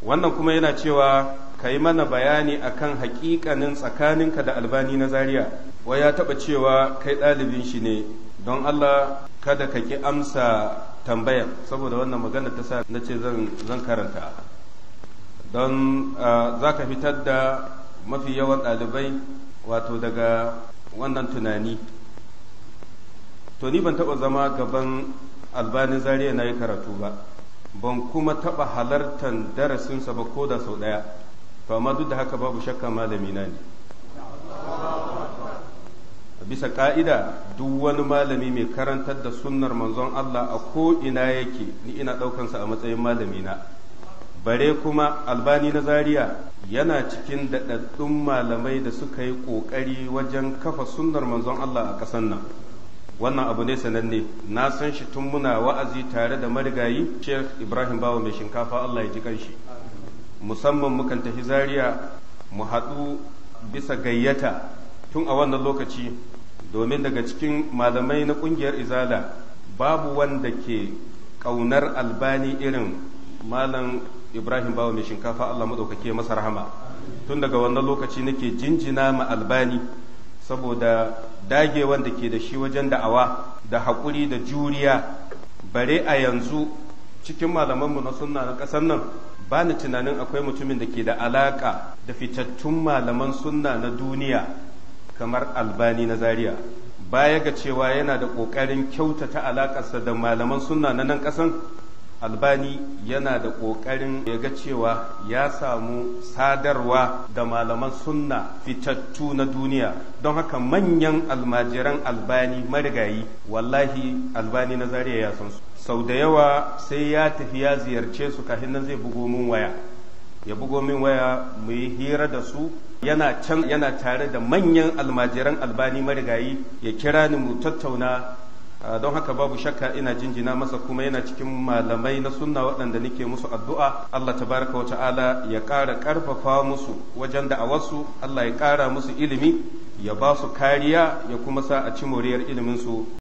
wannan kuma yana cewa ka yi mana bayani akan hakikanin tsakaninka da albani na zaria wa ya taba cewa kai ɗalibin shi ne don allah kada ka ki amsa tambayar saboda wannan magana ta sa na ce zan karanta don za ka fitar da mafi yawan ɗalibai wato daga wannan tunani to ni ban taɓa zama gaban albanin zaria na yi karatu ba ban kuma taɓa halartar darasinsa ba ko da sau ɗaya to amma duk da haka babu shakka malami na ne bisa ka'ida duk wani malami mai karantar da sunnar manzon Allah a ko-ina ko'ina yake ni ina ɗaukansa a matsayin malami na bare kuma albani na zaria yana cikin daɗaɗɗun malamai da suka yi ƙoƙari wajen kafa sunnar manzon Allah a ƙasar nan wannan abu ne sananne na san shi tun muna wa'azi tare da marigayi sheikh ibrahim bawa mai shinkafa allah ya ji kanshi musamman mukan tafi zaria mu haɗu bisa gayyata tun a wannan lokaci domin daga cikin malamai na ƙungiyar izala babu wanda ke ƙaunar albani irin malam ibrahim bawa mai shinkafa allah maɗaukake masa rahama tun daga wannan lokaci nake jinjina ma albani saboda dagewan da ke da shi wajen da'awa da haƙuri da juriya bare a yanzu cikin malamanmu na sunna na ƙasar nan ba ni tunanin akwai mutumin da ke da alaƙa da fitattun malaman sunna na duniya kamar albani na zaria baya ga cewa yana da ƙoƙarin kyautata alaƙarsa da malaman sunna na nan ƙasan albani yana da ƙoƙarin ya ga cewa ya samu sadarwa da malaman sunna fitattu na duniya don haka manyan almajiran albani marigayi wallahi albani na zariya ya san su sau da yawa sai ya tafi ya ziyarce su kafin nan zai bugo min waya ya bugo min waya mu yi hira da su yana can yana tare da manyan almajiran albani marigayi ya kira ni mu tattauna don haka babu shakka ina jinjina masa kuma yana cikin malamai na sunna waɗanda nake musu addu'a Allah tabaraka wa ta'ala ya ƙara ƙarfafa musu wajen da a wasu Allah ya ƙara musu ilimi ya ba su kariya ya kuma sa a ci moriyar iliminsu